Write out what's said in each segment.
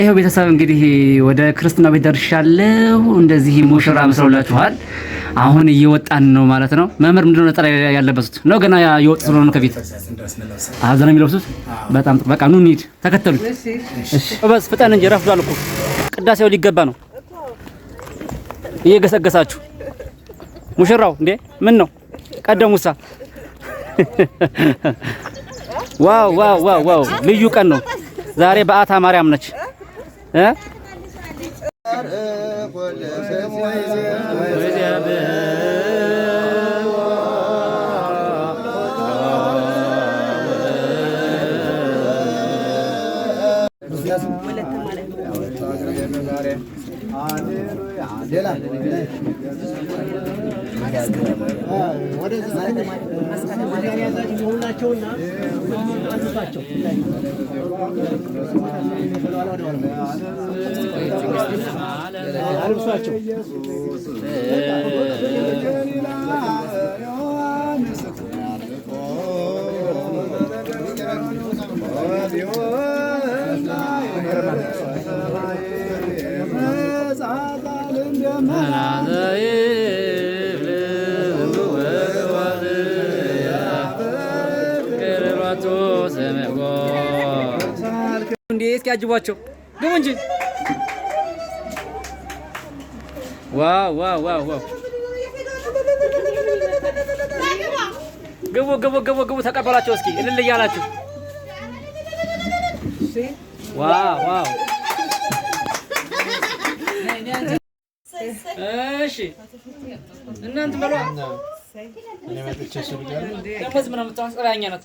ይሄው ቤተሰብ እንግዲህ ወደ ክርስትና ቤት ደርሻለሁ። እንደዚህ ሙሽራ መስለውላችኋል። አሁን እየወጣን ነው ማለት ነው። መምህር ምንድነው ነጠላ ያለበሱት? ነው ገና የወጡ ስለሆነ ነው ከቤት አዘና የሚለብሱት። በጣም ጥሩ። በቃ ኑ እንሂድ፣ ተከተሉኝ። በስ ፍጠን እንጂ ረፍዷል እኮ ቅዳሴው ሊገባ ነው። እየገሰገሳችሁ ሙሽራው እንዴ! ምን ነው ቀደሙሳ? ዋው ዋው ዋው! ልዩ ቀን ነው ዛሬ። በዓታ ማርያም ነች። ሌላ ምሁር ናቸውና አልብሷቸው እንዴ እስኪ አጅቧቸው ግቡ እንጂ። ዋው ዋው ዋው ዋው! ግቡ ግቡ ግቡ ግቡ! ተቀበሏቸው እስኪ እልል እያላችሁ ዋው ዋው! እሺ እናንተ በሏ ደሞዝ ምናምን የምታወጣ ፀባይኛ ናት።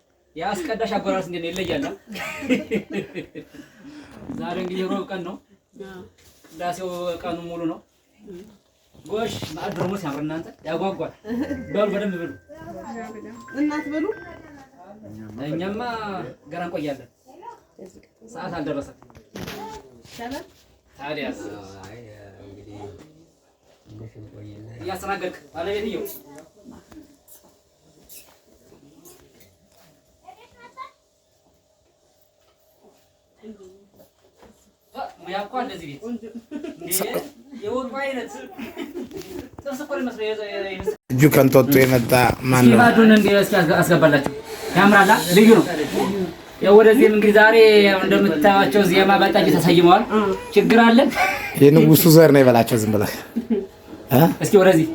የአስቀዳሽ አጎራረስ እንደ ይለያል። ዛሬ እንግዲህ ሮብ ቀን ነው። ቅዳሴው ቀኑ ሙሉ ነው። ጎሽ ማዕድ ደግሞ ሲያምር እናንተ ያጓጓል። በሉ በደንብ ብሉ፣ እናት በሉ። እኛማ ገና እንቆያለን፣ ሰዓት አልደረሰም። ታዲያስ እያስተናገድክ ባለቤትየው ሙያ እኮ እንደዚህ ቤት የወጡ አይነት ጥብስ እኮ እጁ ከንጦጡ የመጣ ማን ነው? ባዱን እንዲ አስገባላችሁ። ያምራላ፣ ልዩ ነው። ወደዚህም እንግዲህ ዛሬ እንደምታዩቸው ዜማ ባጣጭ ተሰይመዋል። ችግር አለ። የንጉሱ ዘር ነው የበላቸው። ዝም ብለህ እስኪ ወደዚህ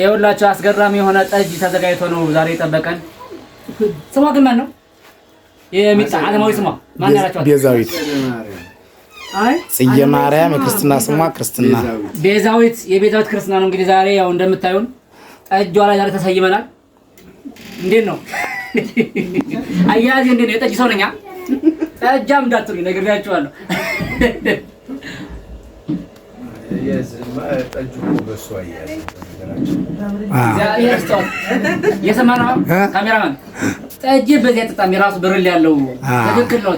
ይኸውላችሁ፣ አስገራሚ የሆነ ጠጅ ተዘጋጅቶ ነው ዛሬ የጠበቀን። ስሟ ግን ማን ነው? የሚጣ አለማዊ ስሟ ማን ያላቸዋል? ቤዛዊት ጽዬ ማርያም የክርስትና ስሟ ክርስትና ቤዛዊት፣ የቤዛዊት ክርስትና ነው። እንግዲህ ዛሬ ያው እንደምታዩን ጠጇ ላይ ዛሬ ተሰይመናል። እንዴት ነው አያያዜ? እንዴት ነው የጠጅ ሰው ነኝ። ጠጃም እንዳትሉኝ ነግሬያችኋለሁ። የሰማነው ካሜራማን ጠጅ በዚህ አይጠጣም። የራሱ ብርል ያለው ትክክል ነው።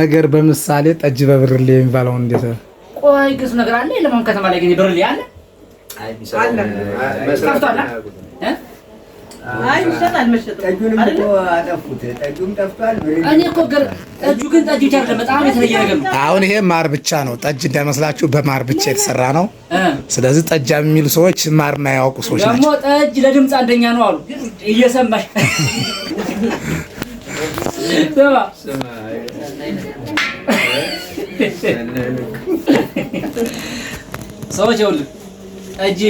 ነገር በምሳሌ ጠጅ በብርሌ የሚባለው እንዴት ቆይ ግሱ ነገር አለ የለም? ከተማ ላይ ግን ብርሌ አለ? አሁን ይሄ ማር ብቻ ነው። ጠጅ እንዳይመስላችሁ በማር ብቻ የተሰራ ነው። ስለዚህ ጠጃ የሚሉ ሰዎች ማር የማያውቁ ሰዎች ናቸው። ደግሞ ጠጅ ለድምፅ አንደኛ ነው አሉ እየሰማሽ ሰዎች ይኸውልህ ጠጅ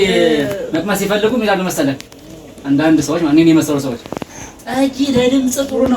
መቅመስ ሲፈልጉ ይላሉ መሰለህ አንዳንድ ሰዎች እኔን የመሰሉ ሰዎች ጠጅ ለድምፅ ጥሩ ነው።